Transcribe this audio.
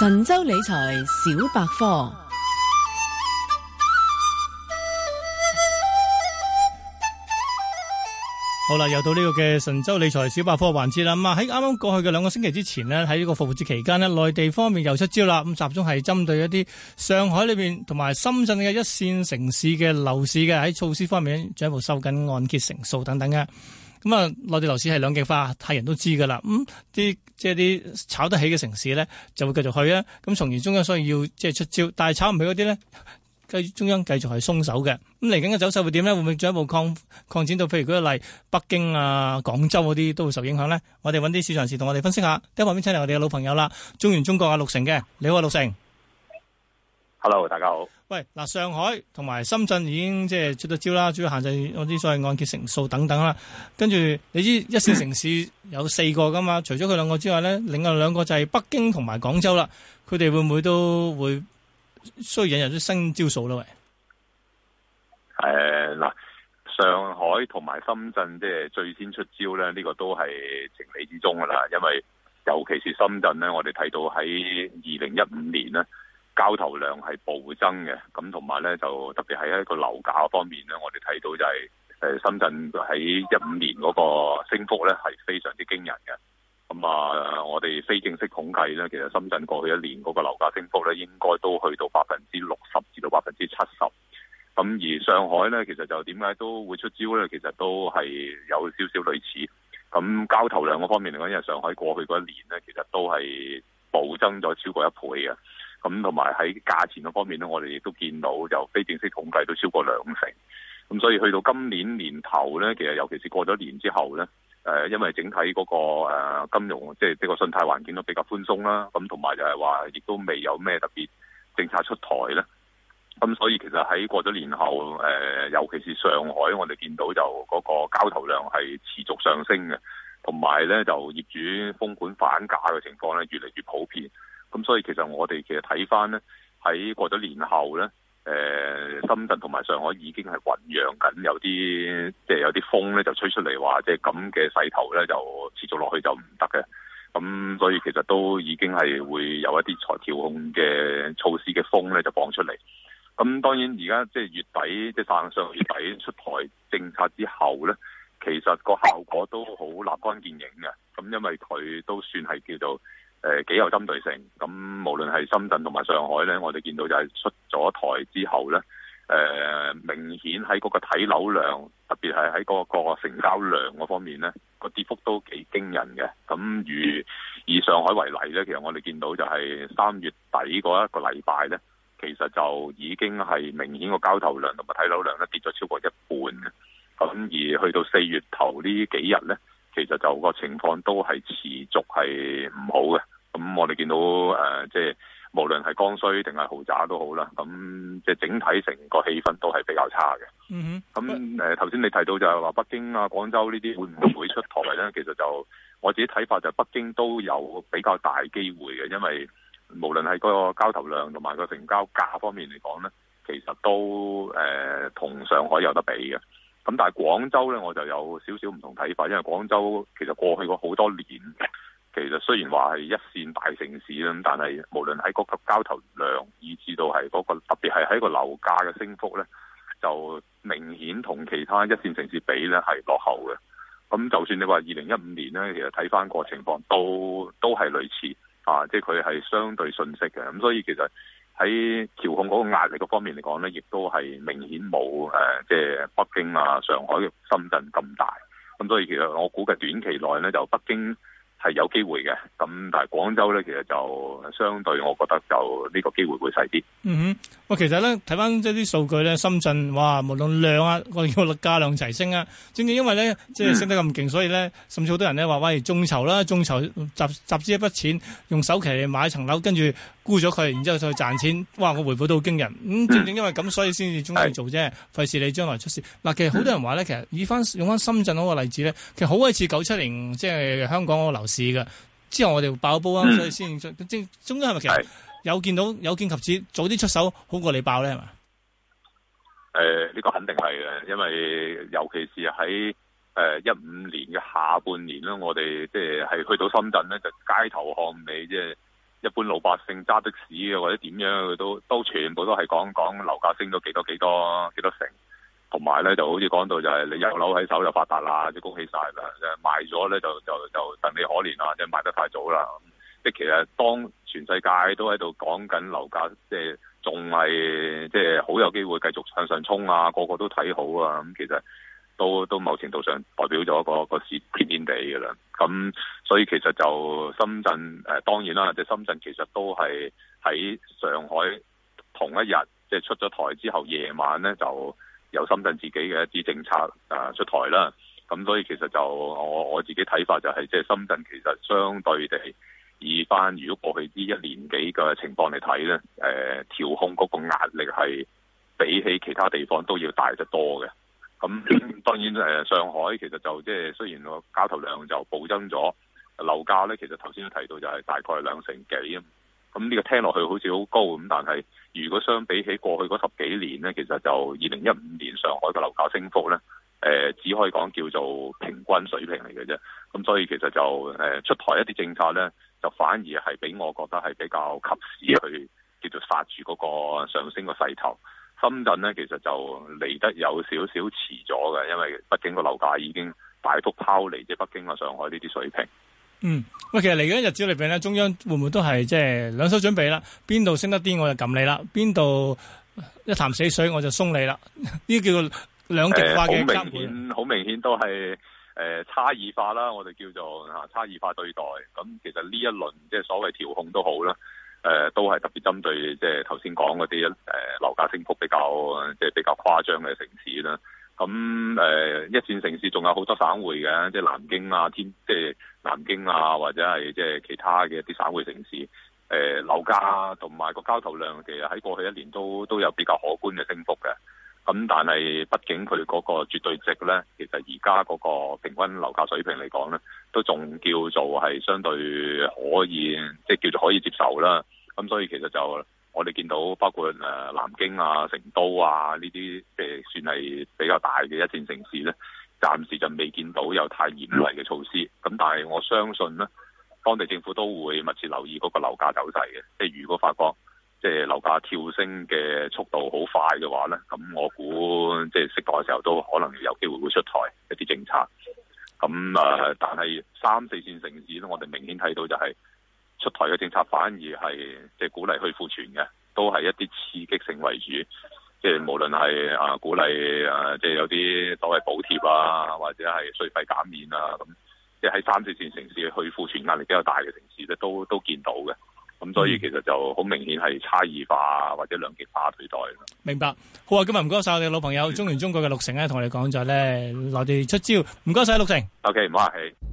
神州理財小百科，好啦，又到呢個嘅神州理財小百科環節啦。咁啊，喺啱啱過去嘅兩個星期之前呢，喺呢個復活節期間呢，內地方面又出招啦。咁集中係針對一啲上海裏邊同埋深圳嘅一線城市嘅樓市嘅喺措施方面，進一步收緊按揭成數等等嘅。咁啊，內地樓市係兩極化，太人都知噶啦。咁啲即係啲炒得起嘅城市呢，就會繼續去啊。咁從而中央所以要即係出招，但係炒唔起嗰啲呢繼，中央繼續係鬆手嘅。咁嚟緊嘅走勢會點呢？會唔會進一步擴擴展到？譬如舉個例，北京啊、廣州嗰啲都會受影響呢。我哋搵啲市場人士同我哋分析下。啲下面請嚟我哋嘅老朋友啦，中原中國啊，陸成嘅，你好啊，陸成。Hello，大家好。喂，嗱，上海同埋深圳已經即係出咗招啦，主要限制我哋所謂按揭成數等等啦。跟住你知一線城市有四個噶嘛，除咗佢兩個之外咧，另外兩個就係北京同埋廣州啦。佢哋會唔會都會需要引入啲新招數咧？喂，誒，嗱，上海同埋深圳即係最先出招咧，呢個都係情理之中噶啦。因為尤其是深圳咧，我哋提到喺二零一五年咧。交投量係暴增嘅，咁同埋呢，就特別係喺個樓價方面呢，我哋睇到就係誒深圳喺一五年嗰個升幅呢，係非常之驚人嘅。咁啊，我哋非正式統計呢，其實深圳過去一年嗰個樓價升幅呢，應該都去到百分之六十至到百分之七十。咁而上海呢，其實就點解都會出招呢？其實都係有少少類似。咁交投量嗰方面嚟講，因為上海過去嗰一年呢，其實都係暴增咗超過一倍嘅。咁同埋喺價錢嗰方面咧，我哋亦都見到就非正式統計都超過兩成。咁所以去到今年年頭咧，其實尤其是過咗年之後咧，誒，因為整體嗰個誒金融即係呢個信貸環境都比較寬鬆啦。咁同埋就係話，亦都未有咩特別政策出台咧。咁所以其實喺過咗年後，誒尤其是上海，我哋見到就嗰個交投量係持續上升嘅，同埋咧就業主封盤反價嘅情況咧，越嚟越普遍。咁所以其實我哋其實睇翻咧，喺過咗年後咧，誒、呃、深圳同埋上海已經係醞釀緊，有啲即係有啲風咧就吹出嚟話，即係咁嘅勢頭咧就持續落去就唔得嘅。咁所以其實都已經係會有一啲財調控嘅措施嘅風咧就講出嚟。咁當然而家即係月底，即係上月底出台政策之後咧，其實個效果都好立竿見影嘅。咁因為佢都算係叫做。誒幾有針對性咁，無論係深圳同埋上海呢我哋見到就係出咗台之後呢誒、呃、明顯喺嗰個睇樓量，特別係喺嗰個成交量嗰方面呢、個跌幅都幾驚人嘅。咁如以上海為例呢其實我哋見到就係三月底嗰一個禮拜呢其實就已經係明顯個交投量同埋睇樓量咧跌咗超過一半咁而去到四月頭呢幾日呢其實就個情況都係持續係唔好嘅。咁我哋見到誒、呃，即係無論係剛需定係豪宅都好啦，咁即係整體成個氣氛都係比較差嘅。嗯哼、mm。咁、hmm. 誒，頭、呃、先你提到就係話北京啊、廣州呢啲會唔會出台咧？其實就我自己睇法就係北京都有比較大機會嘅，因為無論係個交投量同埋個成交價方面嚟講咧，其實都誒同、呃、上海有得比嘅。咁但係廣州咧，我就有少少唔同睇法，因為廣州其實過去過好多年。其實雖然話係一線大城市啦，但係無論喺嗰個交投量，以至到係、那、嗰個特別係喺個樓價嘅升幅咧，就明顯同其他一線城市比咧係落後嘅。咁就算你話二零一五年咧，其實睇翻個情況，都都係類似啊，即係佢係相對遜色嘅。咁所以其實喺調控嗰個壓力嗰方面嚟講咧，亦都係明顯冇、啊、即係北京啊、上海、深圳咁大。咁所以其實我估計短期內咧，就北京，係有機會嘅，咁但係廣州咧，其實就相對，我覺得就呢個機會會細啲。嗯哼，喂，其實咧睇翻即係啲數據咧，深圳哇，無論量啊，個叫價量齊升啊，正正因為咧即係升得咁勁，所以咧甚至好多人咧話：喂，眾籌啦，眾籌集集資一筆錢，用首期嚟買一層樓，跟住沽咗佢，然之後再賺錢，哇！我回報都好驚人。咁、嗯、正正因為咁，所以先至中意做啫，費事的你將來出事。嗱，其實好多人話咧，其實以翻用翻深圳嗰個例子咧，其實好鬼似九七零，即、就、係、是、香港嗰個樓市嘅，之後我哋會爆煲啊，所以先即係中間係咪其實有見到是有見及此，早啲出手好過你爆咧係嘛？誒呢、呃這個肯定係嘅，因為尤其是喺誒一五年嘅下半年啦，我哋即係係去到深圳咧，就街頭巷尾，即係一般老百姓揸的士或者點樣，佢都都全部都係講講樓價升咗幾多幾多幾多成。同埋咧就好似講到就係你有樓喺手就發達啦，即恭喜晒啦！就賣咗咧就就就戥你可憐啦，即賣得太早啦。即係其實當全世界都喺度講緊樓價，即係仲係即係好有機會繼續向上衝啊！個個都睇好啊！咁其實都都某程度上代表咗個個市堅堅地嘅啦。咁所以其實就深圳誒、呃、當然啦，即係深圳其實都係喺上海同一日即係出咗台之後夜晚咧就。有深圳自己嘅一啲政策出台啦，咁所以其實就我我自己睇法就係即係深圳其實相對地，以翻如果過去呢一年幾嘅情況嚟睇咧，誒，調控嗰個壓力係比起其他地方都要大得多嘅。咁當然誒，上海其實就即係雖然個交投量就暴增咗，樓價咧其實頭先都提到就係大概兩成幾。啊。咁呢個聽落去好似好高咁，但係如果相比起過去嗰十幾年呢，其實就二零一五年上海嘅樓價升幅呢，呃、只可以講叫做平均水平嚟嘅啫。咁、呃、所以其實就、呃、出台一啲政策呢，就反而係俾我覺得係比較及時去叫做殺住嗰個上升個勢頭。深圳呢，其實就嚟得有少少遲咗嘅，因為畢竟個樓價已經大幅拋離即北京啊、上海呢啲水平。嗯，喂，其實嚟緊日子裏邊咧，中央會唔會都係即係兩手準備啦？邊度升得啲，我就撳你啦；邊度一潭死水，我就鬆你啦。呢啲 叫做兩極化嘅監管。誒、呃，好明顯，好明顯都係誒、呃、差異化啦。我哋叫做、啊、差異化對待。咁其實呢一輪即係所謂調控都好啦，誒、呃、都係特別針對即係頭先講嗰啲誒樓價升幅比較即係比較誇張嘅城市啦。咁誒、呃，一線城市仲有好多省會嘅，即係南京啊、天即係。南京啊，或者係即係其他嘅一啲省會城市，誒樓價、同埋個交投量，其實喺，過去一年都都有比較可觀嘅升幅嘅。咁但係畢竟佢嗰個絕對值咧，其實而家嗰個平均樓價水平嚟講咧，都仲叫做係相對可以，即係叫做可以接受啦。咁所以其實就我哋見到，包括誒南京啊、成都啊呢啲誒算係比較大嘅一線城市咧，暫時就未見到有太嚴厲嘅措施，咁但係我相信呢，當地政府都會密切留意嗰個樓價走勢嘅。即係如果發覺即係樓價跳升嘅速度好快嘅話呢，咁我估即係適當嘅時候都可能有機會會出台一啲政策。咁啊，但係三四線城市呢，我哋明顯睇到就係出台嘅政策反而係即係鼓勵去庫存嘅，都係一啲刺激性為主。即係無論係啊鼓勵啊，即係有啲所謂補貼啊，或者係稅費減免啊，咁即係喺三四線城市去庫存壓力比較大嘅城市咧，都都見到嘅。咁所以其實就好明顯係差異化或者兩極化對待。明白。好啊，今日唔該晒我哋老朋友中原中國嘅陸成咧，同我哋講咗咧內地出招。唔該晒陸成。O K，唔客氣。